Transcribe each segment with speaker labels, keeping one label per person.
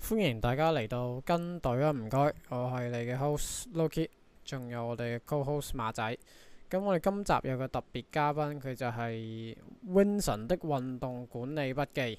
Speaker 1: 歡迎大家嚟到跟隊啊唔該！我係你嘅 host Loki，仲有我哋嘅 co-host 馬仔。咁我哋今集有個特別嘉賓，佢就係 Winson 的運動管理筆記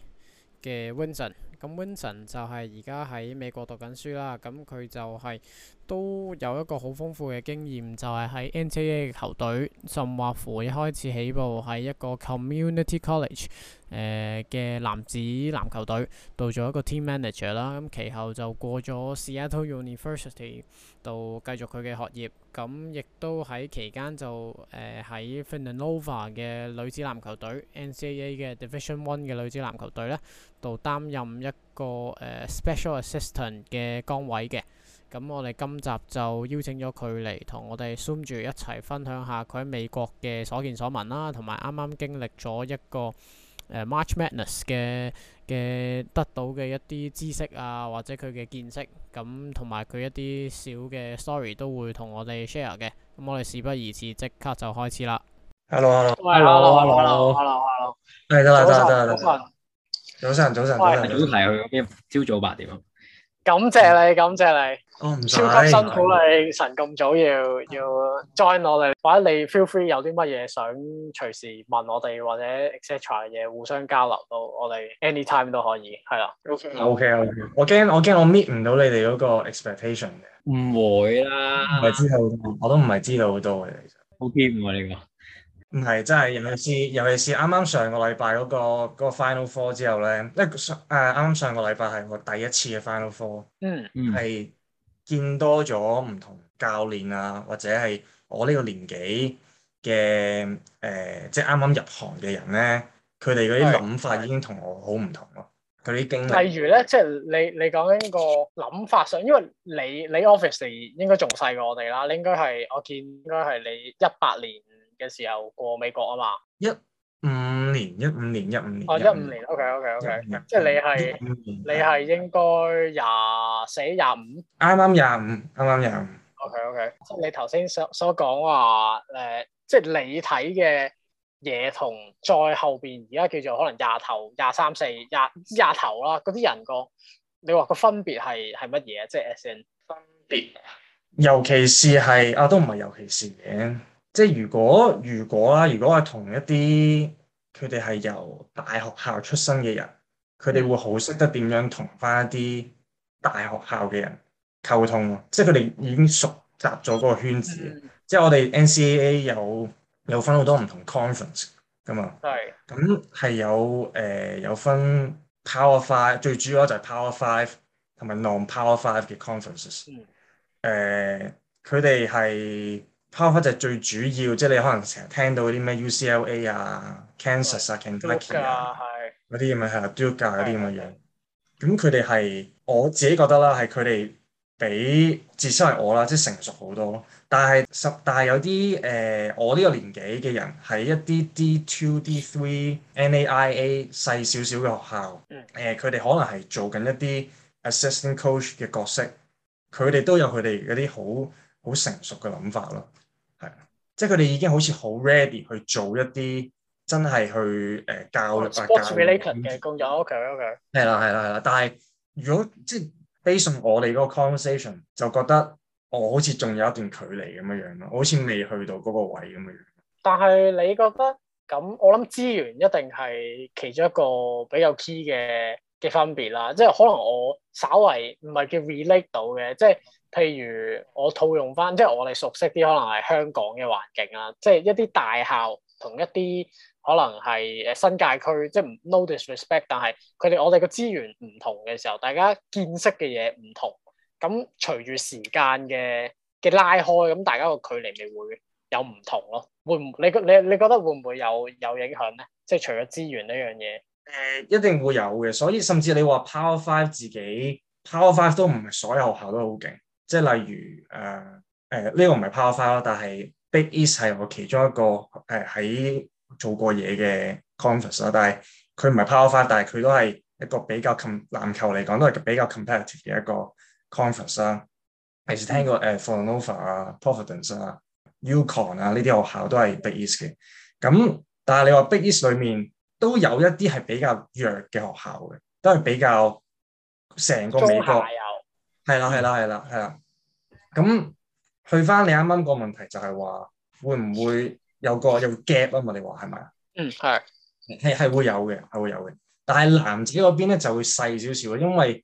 Speaker 1: 嘅 Winson。咁 Winson 就係而家喺美國讀緊書啦，咁佢就係都有一個好豐富嘅經驗，就係喺 NCAA 嘅球隊，甚或乎一開始起步喺一個 community college 誒嘅男子籃球隊，到咗一個 team manager 啦，咁其後就過咗 Seattle University 度繼續佢嘅學業，咁亦都喺期間就誒喺 Villanova 嘅女子籃球隊，NCAA 嘅 Division One 嘅女子籃球隊呢度擔任一個誒、呃、special assistant 嘅崗位嘅，咁我哋今集就邀請咗佢嚟同我哋 Zoom 住一齊分享下佢喺美國嘅所見所聞啦、啊，同埋啱啱經歷咗一個、呃、March Madness 嘅嘅得到嘅一啲知識啊，或者佢嘅見識，咁同埋佢一啲小嘅 story 都會同我哋 share 嘅，咁我哋事不宜遲，即刻就開始啦。Hello，hello，hello，hello，hello，hello，hello，hello
Speaker 2: 早晨，早晨。喂、哎，早排去邊？朝早八點。
Speaker 1: 感謝你，感謝你。我
Speaker 2: 唔，超級辛苦你，
Speaker 1: 嗯、神咁早要要 join 我哋。或者你 feel free 有啲乜嘢想隨時問我哋，或者 etc 嘢互相交流都，我哋 anytime 都可以，係啊。O K，O
Speaker 3: K，我驚我驚我 meet 唔到你哋嗰個 expectation 嘅。唔會啦，唔係知道，我都唔係知道好多嘅，嗯、其實好驚我呢個。你唔係，真係尤其是尤其是啱啱上個禮拜嗰個嗰個 final four 之後咧，因為上誒啱啱上個禮拜係我第一次嘅 final four，嗯嗯，係見多咗唔同教練啊，或者係我呢個年紀嘅誒，即係啱啱入行嘅人咧，佢哋嗰啲諗法已經我同我好唔同咯，佢啲、嗯、經歷。例
Speaker 1: 如咧，即係你你講緊呢個諗法上，因為你你 office 應該仲細過我哋啦，你應該係我見應該係你一八年。嘅時候過美國啊嘛，一
Speaker 3: 五年一五年一五年啊一五年
Speaker 1: ，oh, 年，OK OK OK，年即係你係年你係應該廿四廿五，
Speaker 3: 啱啱廿五，啱啱廿五，OK
Speaker 1: OK，好即係你頭先所所講話誒，即係你睇嘅嘢同再後邊而家叫做可能廿頭廿三四廿廿頭啦，嗰啲人個你話個分別係係乜嘢啊？即係 S N，分別，
Speaker 3: 尤其是係啊，都唔係尤其是嘅。即係如果如果啊，如果係同一啲佢哋係由大學校出生嘅人，佢哋會好識得點樣同返一啲大學校嘅人溝通，即係佢哋已經熟習咗嗰個圈子。嗯、即係我哋 NCAA 有有分好多唔同 conference 㗎嘛，咁係、嗯、有誒、呃、有分 Power Five，最主要就係 Power Five 同埋 non Power Five 嘅 conference。誒、嗯，佢哋係。powerful 就係最主要，即係你可能成日聽到啲咩 UCLA 啊、Kansas 啊、oh, Kentucky 啊，嗰啲咁樣係啊，Duke 啊嗰啲咁嘅樣。咁佢哋係我自己覺得啦，係佢哋比至少係我啦，即係成熟好多。但係十，大有啲誒、呃，我呢個年紀嘅人喺一啲 D two D three N A I A 細少少嘅學校，誒佢哋可能係做緊一啲 assisting coach 嘅角色，佢哋都有佢哋嗰啲好好成熟嘅諗法咯。係即係佢哋已經好似好 ready 去做一啲真係去誒、呃、教育啊 sports related 嘅，oh, sports
Speaker 1: 工作。OK，OK Okay, okay.。
Speaker 3: 係啦，係啦，係啦。但係如果即係 base on 我哋嗰個 conversation，就覺得我好似仲有一段距離咁樣樣咯，我好似未去到嗰個位咁嘅樣。
Speaker 1: 但係你覺得咁？我諗資源一定係其中一個比較 key 嘅嘅分別啦。即係可能我稍微唔係叫 relate 到嘅，即係。譬如我套用翻，即係我哋熟悉啲，可能係香港嘅環境啊，即係一啲大校同一啲可能係誒新界區，即係 no disrespect，但係佢哋我哋嘅資源唔同嘅時候，大家見識嘅嘢唔同，咁隨住時間嘅嘅拉開，咁大家個距離咪會有唔同咯？會唔你你你覺得會唔會有有影響咧？即係除
Speaker 3: 咗資源呢樣嘢，誒、呃、一定會有嘅。所以甚至你話 Power Five 自己 Power Five 都唔係所有學校都好勁。即係例如誒誒呢個唔係 Power Five 咯，但係 Big East 係我其中一個誒喺、呃、做過嘢嘅 conference 啦。但係佢唔係 Power Five，但係佢都係一個比較籃球嚟講都係比較 competitive 嘅一個 conference 啦、嗯。平時聽過誒 Villanova 啊、Providence 啊、UConn 啊呢啲學校都係 Big East 嘅。咁但係你話 Big East 裡面都有一啲係比較弱嘅學校嘅，都係比較成個美國。係啦，係啦，係啦，係啦。咁去翻你啱啱個問題就係話，會唔會有個有 gap 啊？嘛，你話係咪啊？嗯，係係係會有嘅，係會有嘅。但係男子嗰邊咧就會細少少，因為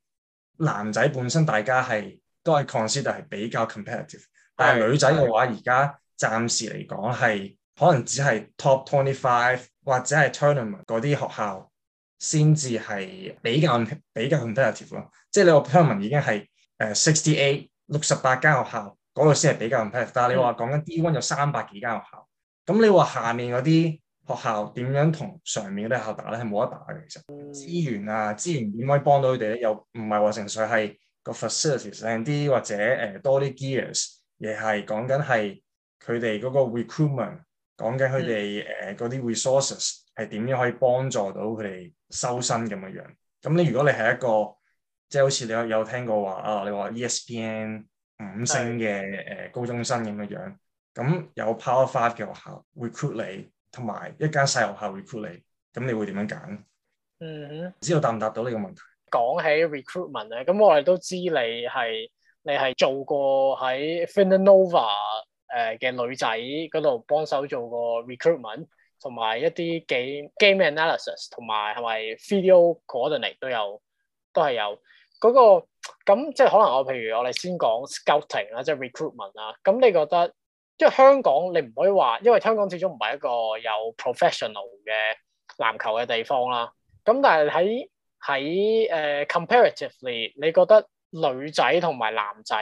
Speaker 3: 男仔本身大家係都係 consider 係比較 competitive，的但係女仔嘅話而家的暫時嚟講係可能只係 top twenty five 或者係 tournament 嗰啲學校先至係比較比較 competitive 咯。即係你個 tournament 已經係。誒，sixty eight 六十八間學校嗰個先係比較 compact，但係你話講緊 D1 有三百幾間學校，咁、那個、你話下面嗰啲學校點樣同上面嗰啲學校打咧，係冇得打嘅。其實資源啊，資源點可以幫到佢哋咧？又唔係話純粹係個 facilities 靚啲，或者誒、呃、多啲 gears 而係講緊係佢哋嗰個 recruitment，講緊佢哋誒嗰啲、呃、resources 係點樣可以幫助到佢哋收生咁嘅樣。咁你如果你係一個。即係好似你有有聽過話啊？你話 ESPN 五星嘅誒高中生咁樣樣，咁的有 Power Five 嘅學校 recruit 你，同埋一間細學校 recruit 你，咁你會點樣揀？嗯
Speaker 1: 哼，
Speaker 3: 唔知道答唔答到你個問題。
Speaker 1: 講起 recruitment 咧，咁我哋都知你係你係做過喺 Villanova 誒嘅女仔嗰度幫手做過 recruitment，同埋一啲幾 game analysis，同埋係咪 video coordinate 都有，都係有。嗰個咁即係可能我譬如我哋先講 scouting 啦，即係 recruitment 啦。咁你覺得即係香港你唔可以話，因為香港始終唔係一個有 professional 嘅籃球嘅地方啦。咁但係喺喺誒、uh, comparatively，你覺得女仔同埋男仔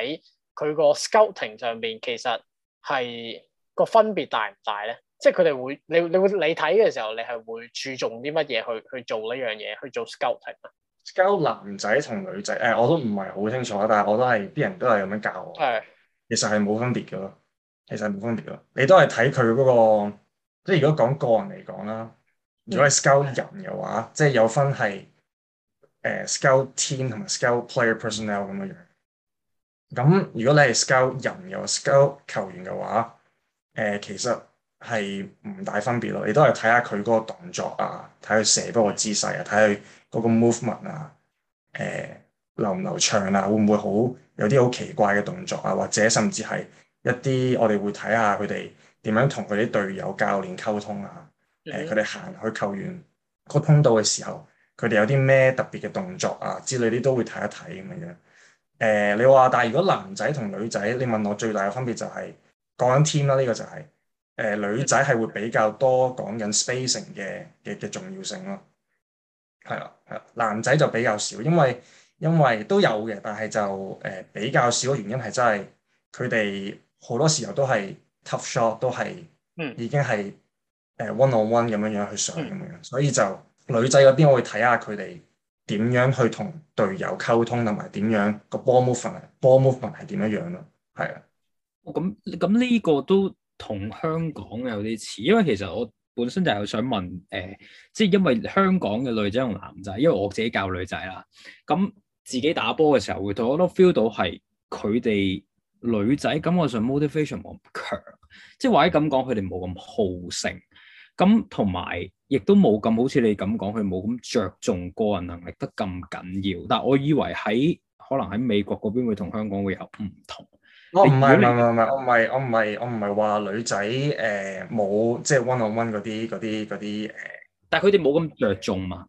Speaker 1: 佢個 scouting 上邊其實係個分別大唔大咧？即係佢哋會你你會你睇嘅時候，你係會注重啲乜嘢去去做呢樣嘢，去做 scouting 啊？
Speaker 3: Scale 男仔同女仔，誒、呃，我都唔係好清楚，但係我都係啲人都係咁樣教我。係，其實係冇分別噶咯，其實冇分別咯。你都係睇佢嗰個，即係如果講個人嚟講啦，如果係 scale 人嘅話，即係有分係誒 scale team 同埋 scale player personnel 咁樣樣。咁如果你係 scale 人嘅話，scale 球員嘅話，誒，其實。係唔大分別咯，你都係睇下佢嗰個動作啊，睇佢射波個姿勢啊，睇佢嗰個 movement 啊，誒流唔流暢啊，會唔會好有啲好奇怪嘅動作啊，或者甚至係一啲我哋會睇下佢哋點樣同佢啲隊友、教練溝通啊，誒佢哋行去球員個通道嘅時候，佢哋有啲咩特別嘅動作啊之類啲都會睇一睇咁樣。誒你話，但係如果男仔同女仔，你問我最大嘅分別就係講緊 team 啦，呢個就係。誒、呃，女仔係會比較多講緊 spacing 嘅嘅嘅重要性咯，係啊係啊，男仔就比較少，因為因為都有嘅，但係就誒、呃、比較少嘅原因係真係佢哋好多時候都係 tough shot 都係嗯已經係誒、呃、one on one 咁樣樣去上咁樣，嗯、所以就女仔嗰邊我會睇下佢哋點樣去同隊友溝通，同埋點樣個 ball movement ball movement 係點樣樣咯，係啊。咁咁呢個
Speaker 2: 都。同香港有啲似，因為其實我本身就係想問，誒、呃，即係因為香港嘅女仔同男仔，因為我自己教女仔啦，咁自己打波嘅時候會好多 feel 到係佢哋女仔，感覺上 motivation 冇咁強，即係或者咁講，佢哋冇咁好勝，咁同埋亦都冇咁好似你咁講，佢冇咁着重個人能力得咁緊要。但係我以為喺可能喺美國嗰邊會同香港會有唔同。
Speaker 3: 我唔係唔係唔係唔係，我唔係我唔係我唔係話女仔誒，冇即係 one on one 嗰啲啲啲誒。呃、但係佢哋冇咁着重嘛，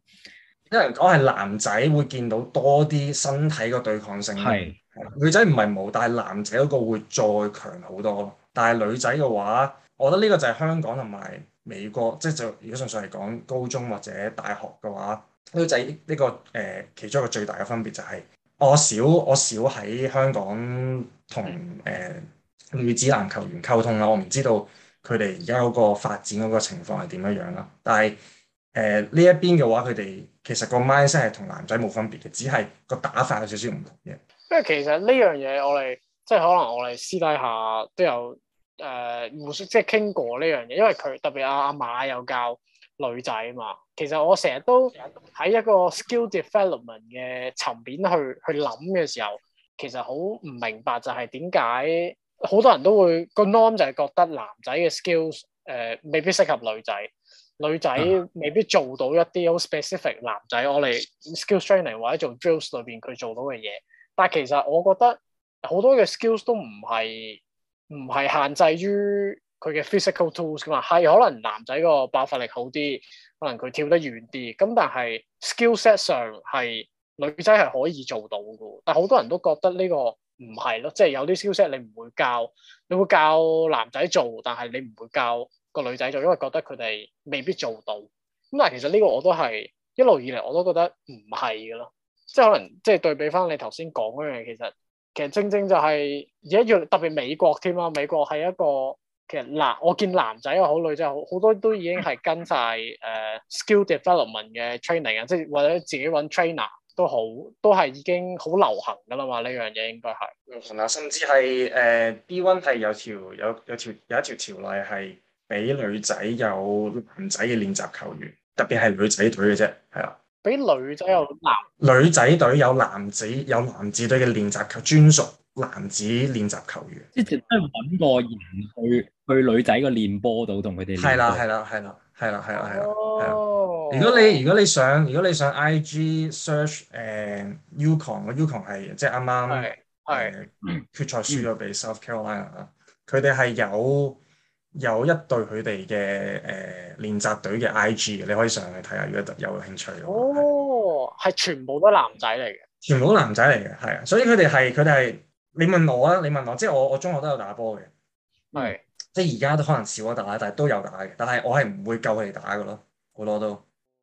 Speaker 3: 有人講係男仔會見到多啲身體嘅對抗性。係是，女仔唔係冇，但係男仔嗰個會再強好多。但係女仔嘅話，我覺得呢個就係香港同埋美國，即係就，是，就如果純粹嚟講高中或者大學嘅話，女仔呢、呢個誒、呃、其中一個最大嘅分別就係、是。我少我少喺香港同誒、呃、女子籃球員溝通啦，我唔知道佢哋而家嗰個發展嗰個情況係點樣樣啦。但係誒呢一邊嘅話，佢哋其實個 mindset 係同男仔冇分別嘅，只係個打法有少少唔同嘅。
Speaker 1: 因為其實呢樣嘢我哋即係可能我哋私底下都有誒無數即係傾過呢樣嘢，因為佢特別阿阿馬有教女仔啊嘛。其實我成日都喺一個 skill development 嘅層面去去諗嘅時候，其實好唔明白就係點解好多人都會、個 norm 就係覺得男仔嘅 skills 誒未必適合女仔，女仔未必做到一啲好 specific 男仔我哋 skills training 或者做 drills 裏邊佢做到嘅嘢。但係其實我覺得好多嘅 skills 都唔係唔係限制於佢嘅 physical tools 噶嘛，係可能男仔個爆發力好啲。可能佢跳得遠啲，咁但係 skillset 上係女仔係可以做到嘅，但係好多人都覺得呢個唔係咯，即係有啲 skillset 你唔會教，你會教男仔做，但係你唔會教個女仔做，因為覺得佢哋未必做到。咁但係其實呢個我都係一路以嚟我都覺得唔係嘅咯，即係可能即係對比翻你頭先講嗰樣嘢，其實其實正正就係而家要特別美國添啊，美國係一個。其實嗱，我見男仔又好，女仔又好，好多都已經係跟晒誒、呃、skill development 嘅 training 啊，即係或者自己搵 trainer 都好，都係已經好流行噶啦嘛，呢樣嘢應該係。嗯，
Speaker 3: 係啊，甚至係誒、呃、D1 係有條有有條有一條條例係俾女仔有男仔嘅練習球員，特別係女仔隊嘅啫，係啊。
Speaker 1: 俾女仔
Speaker 3: 有男，女仔隊有男仔，有男子隊嘅練習球員，專屬男子練習球員，之前都係搵個人去。去女仔個練波度同佢哋。係啦係啦係啦係啦係啦係啦。如果你如果你想如果你想 I G search 誒 UConn 個 UConn 係即係啱啱係係決賽輸咗俾 South Carolina，佢哋係有有一隊佢哋嘅誒練習隊嘅 I G，你可以上去睇下，如果有興趣。哦，係是全部都男仔嚟嘅，全部都男仔嚟嘅，係啊，所以佢哋係佢哋係你問我啊，你問我，即係我我，我中學都有打波嘅，係、嗯。即係而家都可能少咗打，但係都有打嘅。但係我係唔會夠佢哋打嘅咯，好多都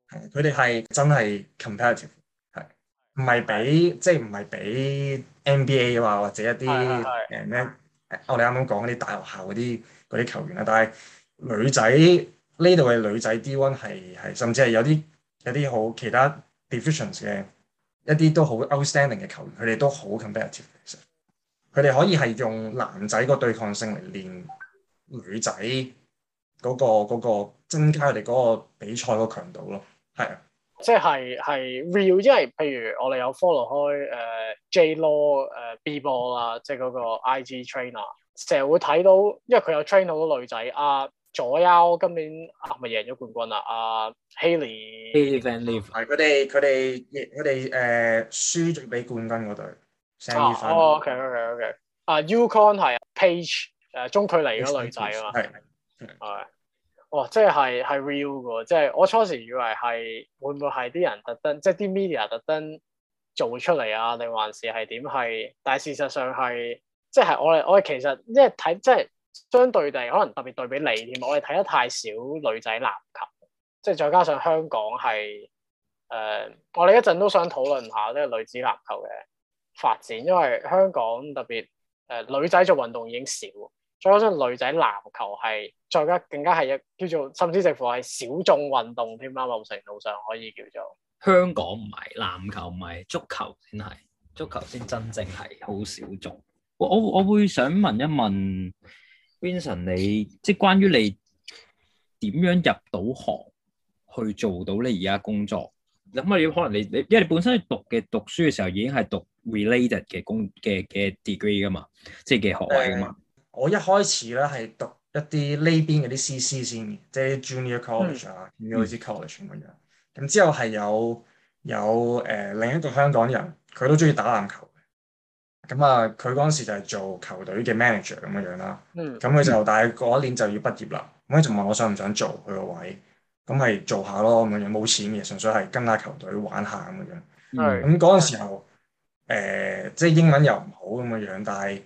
Speaker 3: 係。佢哋係真係 competitive，係唔係比即係唔係比 NBA 啊或者一啲人咧？我哋啱啱講嗰啲大學校嗰啲嗰啲球員啊，但係女仔呢度嘅女仔 D1 係係甚至係有啲有啲好其他 divisions 嘅一啲都好 outstanding 嘅球員，佢哋都好 competitive。其實佢哋可以係用男仔個對抗性嚟練。女仔嗰、嗰個嗰、嗰個增加佢哋嗰個比賽個強度咯，係
Speaker 1: 啊，uh, uh, 啊，即係係 real，因為譬如我哋有 follow 開誒 J Law 誒 B Ball 啦，即係嗰個 IG Trainer 成日會睇到，因為佢有 train 好多女仔。啊。左優今年係咪，啊、贏咗冠軍啦，啊？啊 Haley，Haley
Speaker 3: Van Lee，係佢哋佢哋佢哋誒輸咗俾冠軍嗰隊。哦 OK OK OK, okay, okay.Uh, on, 啊 UConn 係啊 Page。誒中距離嗰女仔啊嘛，
Speaker 1: 係係係，哇、哦！即係係 real 嘅，即係我初時以為係會唔會係啲人特登，即係啲 media 特登做出嚟啊，定還是係點係？但係事實上係，即係我哋我哋其實即係睇即係相對地可能特別對比你添，我哋睇得太少女仔籃球，即係再加上香港係誒、呃，我哋一陣都想討論下呢個女子籃球嘅發展，因為香港特別誒、呃、女仔做運動已經少。再加上女仔籃球係，再加更加係一叫做，甚至乎係小眾運動添啦，某程度
Speaker 2: 上可以叫做。香港唔係籃球，唔係足球先係，足球先真正係好小眾。我我，我會想問一問 Winson，你即係關於你點樣入到行，去做到你而家工作？諗下，你可能你你，因為你本身你讀嘅讀書嘅時候已經係讀 related 嘅工嘅嘅 degree 噶嘛，即係嘅學位噶嘛。嗯
Speaker 3: 我一開始咧係讀一啲呢邊嗰啲 C.C. 先即係、就是、Junior College、嗯嗯、啊，Junior College 咁樣。咁之後係有有誒、呃、另一個香港人，佢都中意打籃球。咁啊，佢嗰陣時就係做球隊嘅 manager 咁嘅樣啦。咁佢、嗯、就但係一年就要畢業啦。咁佢就問我想唔想做佢個位，咁咪做下咯咁樣，冇錢嘅，純粹係跟下球隊玩下咁嘅樣。咁嗰陣時候，誒、嗯嗯呃、即係英文又唔好咁嘅樣，但係。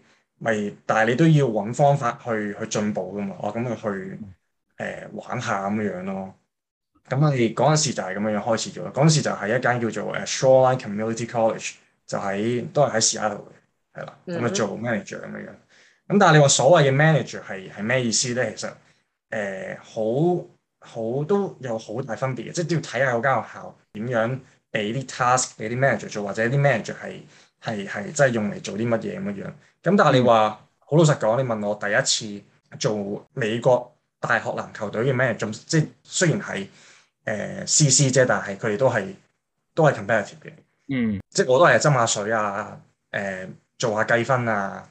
Speaker 3: 咪，但係你都要揾方法去去進步噶嘛。哦、啊，咁啊去誒、呃、玩下咁樣樣咯。咁咪嗰陣時就係咁樣樣開始咗。嗰陣時就係一間叫做誒 Shoreline Community College，就喺都係喺西雅圖度嘅，係啦。咁啊做 manager 咁樣。咁但係你話所謂嘅 manager 係係咩意思咧？其實誒好好都有好大分別嘅，即係都要睇下嗰間學校點樣俾啲 task 俾啲 manager 做，或者啲 manager 係。係係，真係用嚟做啲乜嘢咁樣樣。咁但係你話好、嗯、老實講，你問我第一次做美國大學籃球隊嘅 manager，即係雖然係誒 c 試啫，呃、CC，但係佢哋都係都係 competitive 嘅。嗯，即係我都係斟下水啊，誒、呃、做下計分啊，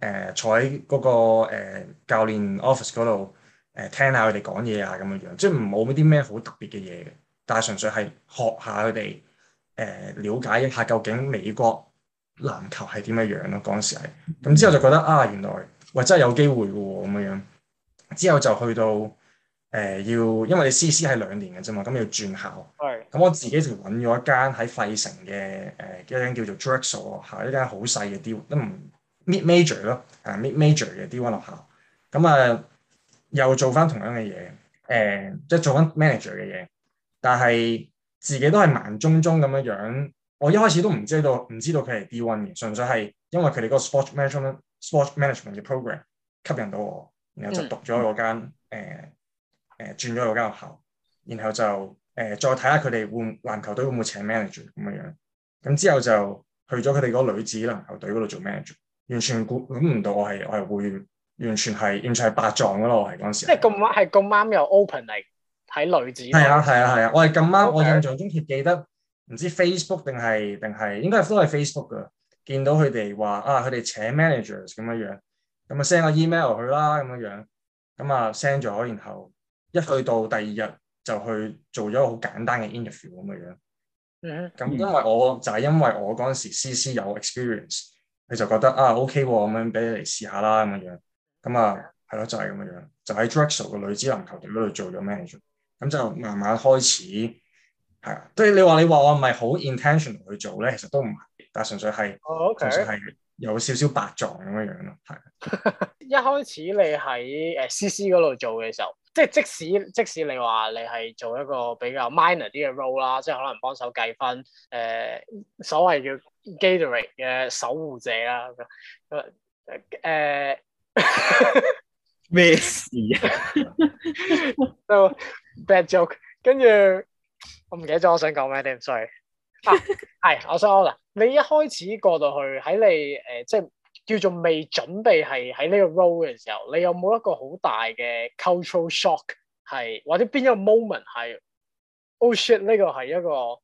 Speaker 3: 誒、呃、坐喺嗰、那個、呃、教練 office 嗰度誒、呃、聽下佢哋講嘢啊咁樣樣，即唔冇啲咩好特別嘅嘢嘅，但係純粹係學下佢哋誒了解一下究竟美國。籃球係點嘅樣咯，嗰陣時係，咁之後就覺得啊，原來喂真係有機會嘅，咁樣樣，之後就去到誒要，因為你 C C 係兩年嘅啫嘛，咁要轉校，係，咁我自己就搵咗一間喺費城嘅誒一間叫做 Drexel 學校，一間好細嘅 D，都唔 mid major 咯，啊 mid major 嘅 D one 學校，咁啊又做翻同樣嘅嘢，誒即係做翻 manager 嘅嘢，但係自己都係盲中中咁樣樣。我一開始都唔知道，唔知道佢係 D1 嘅，純粹係因為佢哋嗰個 sports management sports management 嘅 program 吸引到我，然後就讀咗嗰間誒誒、嗯呃、轉咗嗰間學校，然後就誒、呃、再睇下佢哋會籃球隊會唔會請 manager 咁樣，咁之後就去咗佢哋嗰女子籃球隊嗰度做 manager，完全估估唔到我係我係會完全係完全係白撞噶咯，我係嗰陣時。
Speaker 1: 即係咁啱，係咁啱又 open 嚟睇女子。係啊係啊
Speaker 3: 係啊，啊，啊！我係咁啱，Okay. 我印象中記記得。唔知 Facebook 定係定係，應該都係 Facebook 噶見到佢哋話啊，佢哋請 managers 咁樣樣，咁啊 send 個 email 去啦咁樣樣，咁啊 send 咗，然後一去到第二日就去做咗個好簡單嘅 interview 咁樣樣。咁、嗯就是、因為我就係因為我嗰陣時 C.C 有 experience，佢就覺得啊 OK 喎，咁樣俾你嚟試下啦咁樣樣。咁啊係咯，就係咁樣樣，就喺 Drexel 個女子籃球隊嗰度做咗 manager。咁就慢慢開始。係啊，即係你話你話我唔係好 intention 去做咧？其實都唔係，但係純粹係，oh, okay. 純粹係有少少白撞咁樣樣咯。係。
Speaker 1: 一開始你喺誒 CC 嗰度做嘅時候，即係即使即使你話你係做一個比較 minor 啲嘅 role 啦，即係可能幫手計分，誒、呃、所謂叫 Gatorade 嘅守護者啦咁
Speaker 2: 咩事啊
Speaker 1: s bad joke，跟住。我唔記得咗我想講咩，點 sorry。係、啊、 我想講啦。你一開始過到去喺你誒、呃，即係叫做未準備係喺呢個 role 嘅時候，你有冇一個好大嘅 cultural shock？係或者邊一個 moment 係 oh shit 呢個係一個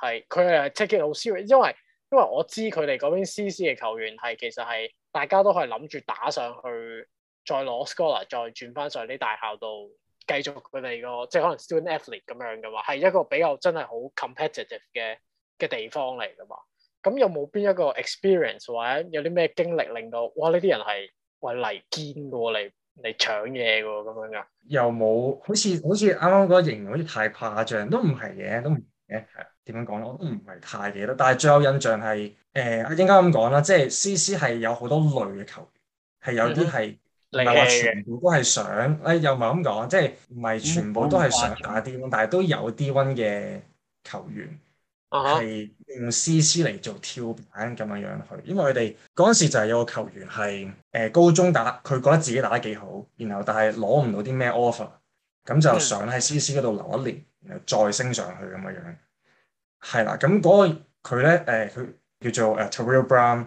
Speaker 1: 係佢係 take it 好 serious，因為因為我知佢哋嗰邊 C C 嘅球員係其實係大家都係諗住打上去再攞 score，再轉翻上啲大校度。繼續佢哋個即係可能 student athlete 咁樣嘅嘛，係一個比較真係好 competitive 嘅嘅地方嚟噶嘛。咁有冇邊一個 experience 或者有啲咩經歷令到哇，呢啲人係為嚟堅嘅喎，嚟、呃、嚟搶嘢嘅喎咁樣噶。
Speaker 3: 又冇好似好似啱啱嗰形容好似太誇張，都唔係嘅，都唔嘅係點樣講咧？我都唔係太記得，但係最有印象係誒、呃、應該咁講啦，即係 C C 係有好多類嘅球員，係有啲係。嗯唔係話 全部都係想，誒又唔係咁講，即係唔係全部都係想打 D1， 但係都有 D1 嘅球員係用 C.C. 嚟做跳板咁樣樣去，因為佢哋嗰陣時就係有個球員係誒高中打，佢覺得自己打得幾好，然後但係攞唔到啲咩 offer，咁就想喺 C.C. 嗰度留一年，然後再升上去咁樣樣。係啦，咁嗰個佢咧誒，佢叫做誒 Tariel Brown。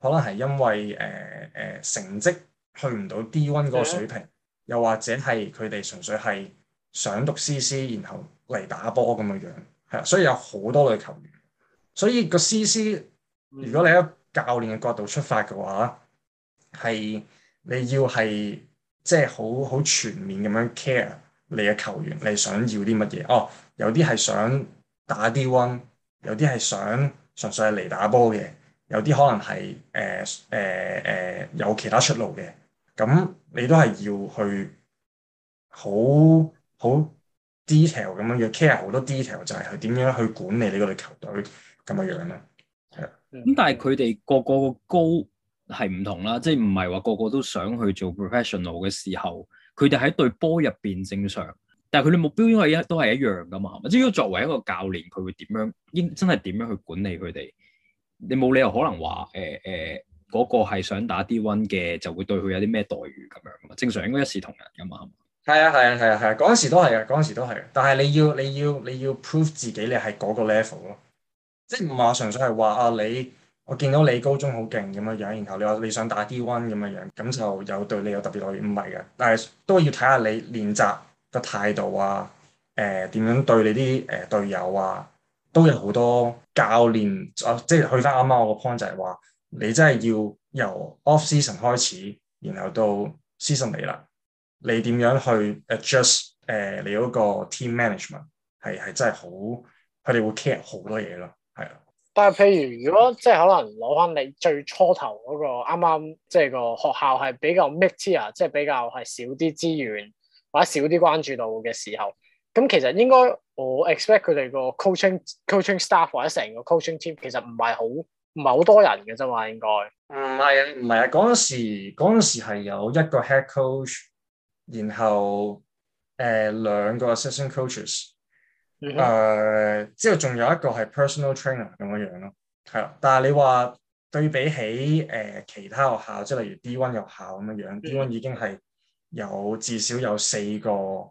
Speaker 3: 可能係因為誒誒、呃呃、成績去唔到 D1 嗰個水平，嗯、又或者係佢哋純粹係想讀 CC，然後嚟打波咁嘅樣，樣，係啊，所以有好多類球員。所以個 CC，如果你喺教練嘅角度出發嘅話，係你要係即係好好全面咁樣 care 你嘅球員，你想要啲乜嘢？哦，有啲係想打 D1，有啲係想純粹係嚟打波嘅。有啲可能係誒誒誒有其他出路嘅，咁你都係要去好好 detail 咁樣 care 好多 detail，就係佢點樣去管理你嗰隊球隊咁嘅樣啦。係啊，咁、嗯、但係佢哋個個 goal
Speaker 2: 係唔同啦，即係唔係話個個都想去做 professional 嘅時候，佢哋喺隊波入邊正常，但係佢哋目標因為一都係一樣噶嘛，即係如果作為一個教練，佢會點樣應真係點樣去管理佢哋？你冇理由可能話誒誒嗰個係想打 D1 嘅就會對佢有啲咩待遇咁樣啊？正常應該一視同仁
Speaker 3: 噶嘛。係咪？係啊係啊係啊係啊，嗰陣時都係啊，嗰陣、啊啊、時都係嘅。但係你要你要你要 prove 自己你係嗰個 level 咯，即係唔係純粹係話啊你我見到你高中好勁咁樣樣，然後你話你想打 D1 咁樣樣，咁就有對你有特別待遇？唔係嘅，但係都要睇下你練習嘅態度啊，誒、呃、點樣對你啲誒、呃、隊友啊，都有好多。教練啊，即係去翻啱啱我個 point 就係話，你真係要由 off season 開始，然後到 season 嚟啦，你點樣去 adjust 誒、呃、你嗰個 team management 係係真係好，佢哋會 care 好多嘢咯，係啊。
Speaker 1: 但係譬如如果即係可能攞翻你最初頭嗰、那個啱啱即係個學校係比較 mid-tier，即係比較係少啲資源或者少啲關注度嘅時候，咁其實應該。我 expect 佢哋個 coaching coaching staff 或者成個 coaching team 其實唔係好唔係好多人嘅啫嘛，應該
Speaker 3: 唔係啊，唔係啊！嗰陣時嗰陣時係有一個 head coach，然後誒兩、呃、個 assistant coaches，誒、呃、之後仲有一個係 personal trainer 咁樣樣咯，係啊，但係你話對比起誒、呃、其他學校，即係例如 D1 學校咁樣樣、嗯、D1 已經係有至少有四個。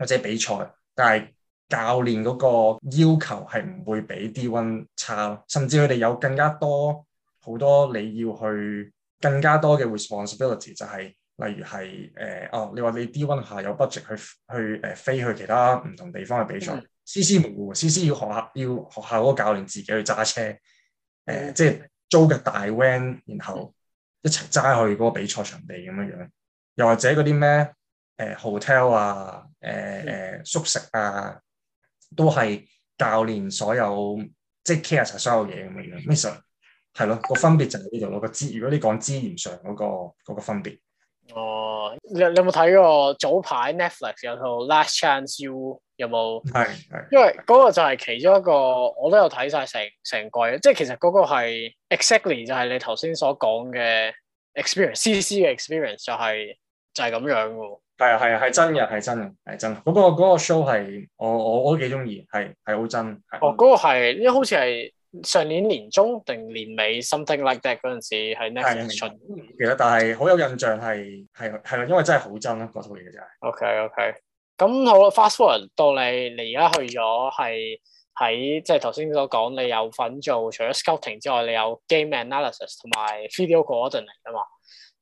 Speaker 3: 或者比賽，但係教練嗰個要求係唔會比 D1 差，甚至佢哋有更加多好多你要去更加多嘅 responsibility，就係、是、例如係誒、呃、哦，你話你 D1 下有 budget 去去誒、呃、飛去其他唔同地方嘅比賽，c c 模糊，c c 要學校要學校嗰個教練自己去揸、呃、車，誒即係租架大 van，然後一齊揸去嗰個比賽場地咁樣樣，又或者嗰啲咩？誒 hotel、呃、啊，誒、呃、誒、呃、宿舍啊，都係教練所有即係 care 所有嘢咁樣嘅咩 i 係咯。個分別就喺呢度咯。個資如果你講資源上嗰個分別
Speaker 1: 哦，你有冇睇過早排 Netflix 有套 Last Chance You 有冇？係係，因為嗰個就係其中一個，我都有睇晒成成季，即係其實嗰個係 exactly 就係你頭先所講嘅
Speaker 3: experience C C 嘅 experience 就係、是、就係、是、咁、就是、樣嘅喎。係啊係啊係真嘅係真嘅係真嘅，嗰、嗰、嗰個 show 係、嗰個、我我我都幾中意，係係好真。真哦，嗰、嗰個係，
Speaker 1: 因為好似係上年年中定年尾 something like that 嗰陣時係 Netflix 出。
Speaker 3: 其實但係好有印象係係係啦，因為真係好真啊。嗰套嘢
Speaker 1: 就係。OK OK，咁好啦，Fast Forward 到你你而家去咗係喺即係頭先所講，你有份做除咗 scouting 之外，你有 game analysis 同埋 video coordinating 啊嘛。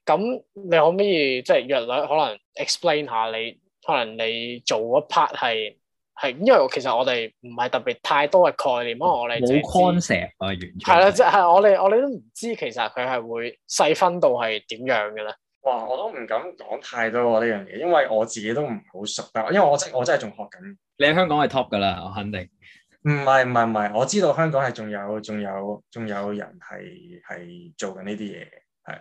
Speaker 1: 咁你可唔可以即係、就是、約略可能 explain 下你可能你做嗰 part 係係因為其實我哋唔係特別太多嘅概念因咯，我哋冇 concept 啊完全係啦，即係我哋我哋都唔知其實佢係會細分到係點樣嘅咧？哇！我都唔敢講太多呢樣
Speaker 3: 嘢，因為我自己都唔好熟，但因為我真我真係仲學緊。你喺香港係 top 㗎啦，我肯定。唔係唔係唔係，我知道香港係仲有仲有仲有人係係做緊呢啲嘢係。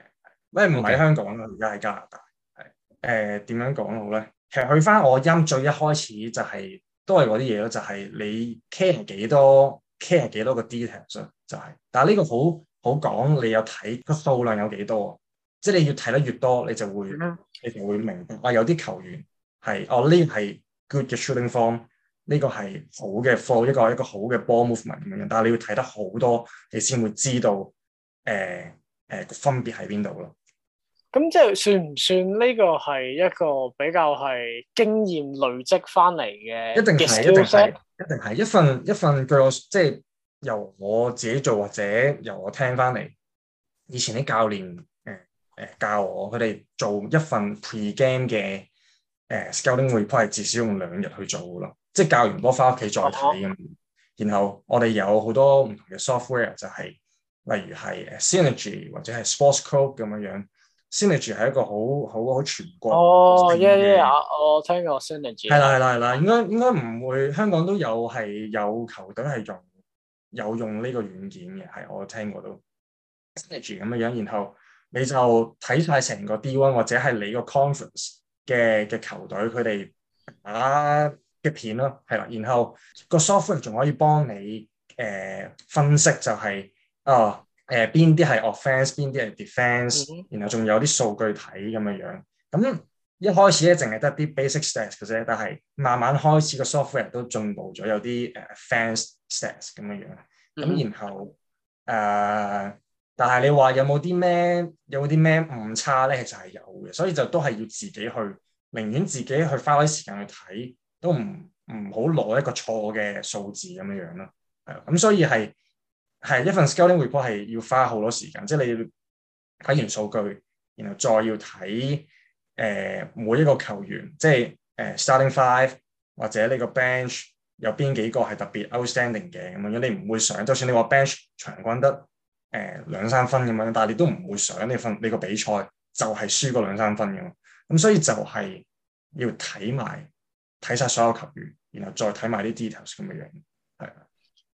Speaker 3: 唔喺香港啦，而家喺加拿大。係誒點樣講好咧？其實去翻我音最一開始就係、是、都係嗰啲嘢咯，就係、是、你 care 幾多，care 幾多個 detail。就係、是，但係呢個好好講，你有睇個數量有幾多？即係你要睇得越多，你就會你就會明白。啊，有啲球員係哦呢個係 good 嘅 shooting form，呢個係好嘅 form，一個一個好嘅 ball movement。但係你要睇得好多，你先會知道誒誒個分別喺邊度咯。
Speaker 1: 咁即係算唔算呢個係一個比較係經驗累積翻嚟嘅？一定係，一定係，
Speaker 3: 一定係一份一份據我即係由我自己做或者由我聽翻嚟以前啲教練誒誒教我，佢哋做一份 pre-game 嘅誒、呃、scouting report 係至少用兩日去做嘅咯，即係教完波翻屋企再睇咁。嗯嗯、然後我哋有好多唔同嘅 software 就係、是、例如係 Synergy 或者係 Sportscode 咁樣樣。Synergy 係一個好好好全國哦耶耶啊！我聽過
Speaker 2: Synergy 係啦係啦係
Speaker 3: 啦，應該應該唔會香港都有係有球隊係用有用呢個軟件嘅，係我聽過都 Synergy 咁嘅樣，然後你就睇晒成個 Division 或者係你個 Conference 嘅嘅球隊佢哋打嘅片咯，係啦，然後個 software 仲可以幫你誒、呃、分析就係、是、哦。誒邊啲係、呃、offense，邊啲係 defense、嗯、哼然後仲有啲數據睇咁樣樣。咁一開始咧，淨係得啲 basic stats 嘅啫。但係慢慢開始個 software 都進步咗，有啲誒 fans stats 咁樣樣。咁、嗯、哼然後誒、呃，但係你話有冇啲咩有冇啲咩誤差咧？其實係有嘅，所以就都係要自己去，寧願自己去花啲時間去睇，都唔唔好攞一個錯嘅數字咁樣樣咯。係、嗯、咁所以係。係一份 scouting report 係要花好多時間，即係你要睇完數據，然後再要睇誒、呃、每一個球員，即係誒、呃、starting five 或者你個 bench 有邊幾個係特別 outstanding 嘅咁樣。你唔會想，就算你話 bench 場均得誒兩三分咁樣，但係你都唔會想呢份呢個比賽就係輸嗰兩三分咁。咁所以就係要睇埋睇晒所有球員，然後再睇埋啲 details 咁嘅樣。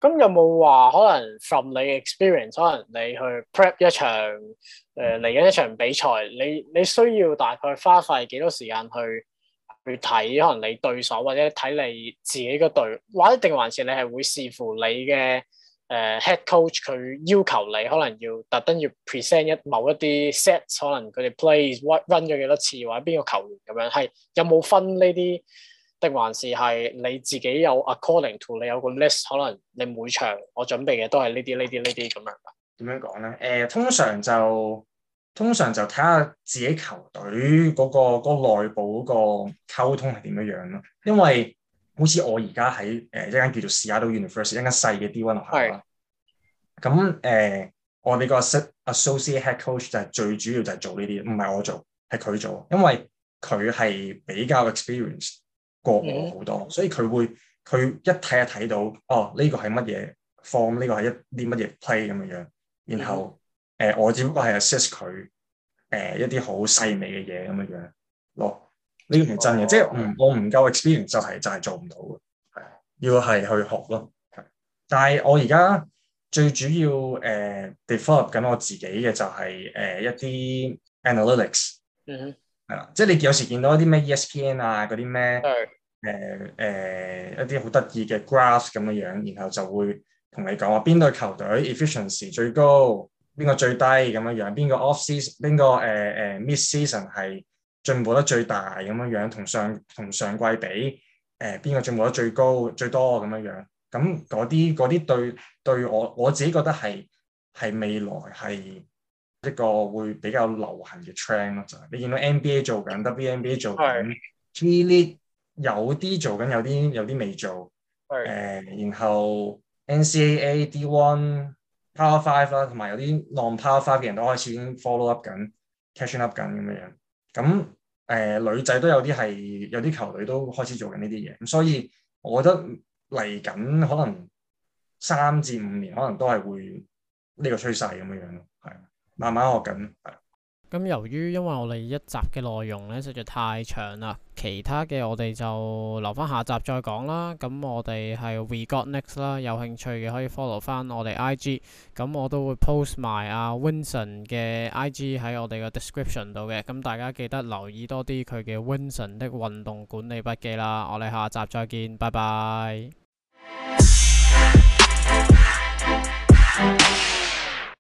Speaker 1: 咁有冇話可能 from 你 experience，可能你去 prep 一場誒嚟緊一場比賽，你你需要大概花費幾多時間去去睇可能你對手或者睇你自己嘅隊，或者定還是你係會視乎你嘅誒、呃、head coach 佢要求你可能要特登要 present 一某一啲 sets，可能佢哋 play what run 咗幾多次或者邊個球員咁樣，係有冇分呢啲？定還是係你自己有 according to 你有個 list，可能你每場我準備嘅都係呢啲呢啲呢啲咁樣嘅。
Speaker 3: 點樣講咧？誒，通常就通常就睇下自己球隊嗰、那個嗰個嗰、那個嗰個、內部嗰個溝通係點樣樣咯。因為好似我而、呃、家喺誒一間叫做 Seattle University 一間細嘅 D1 學校啦。咁誒是、呃，我哋個 associate head coach 就係最主要就係做呢啲，唔係我做，係佢做，因為佢係比較 experienced。過我好多，所以佢會佢一睇就睇到哦，呢個係乜嘢 form，呢個係一啲乜嘢 play 咁樣樣。然後誒、呃、我只不過係 assist 佢誒一啲好細微嘅嘢咁樣樣咯。呢個係真嘅，即係我唔夠 experience 就係就係做唔到嘅，係要係去學咯。係，但係我而家最主要誒 develop 緊我自己嘅就係、是、誒、呃、一啲 analytics、嗯。係啦，即係你有時見到一啲咩 ESPN 啊，嗰啲咩，誒誒的、呃呃，一啲好得意嘅 graph 咁嘅樣，然後就會同你講話邊隊球隊 efficiency 最高，邊個最低咁樣樣，邊個 offseason 邊個誒誒、uh, midseason 係進步得最大咁樣樣，同上同上季比，誒、呃、邊個進步得最高最多咁樣樣，咁嗰啲嗰啲對對我我自己覺得係係未來係。一個會比較流行嘅 trend 咯，就係你見到 NBA 做緊，WNBA 的做緊，G League 有啲做緊，有啲有啲未做，誒的、呃，然後 NCAA、D1、Power Five 啦，同埋有啲 Non Power Five 嘅人都開始已經 follow up 緊、catching up 緊咁樣樣。咁誒、呃，女仔都有啲係，有啲球隊都開始做緊呢啲嘢。咁所以我覺得嚟緊可能三至五年，可能都係會呢個趨勢咁樣樣咯，係。慢慢學
Speaker 1: 緊。咁由於因為我哋一集嘅內容咧，實在太長啦，其他嘅我哋就留翻下集再講啦。咁我哋係 We Got Next 啦，有興趣嘅可以 follow 翻我哋 IG。咁我都會 post 埋阿 Winson 嘅 IG 喺我哋嘅 description 度嘅。咁大家記得留意多啲佢嘅 Winson 的運動管理筆記啦。我哋下集再見，拜拜。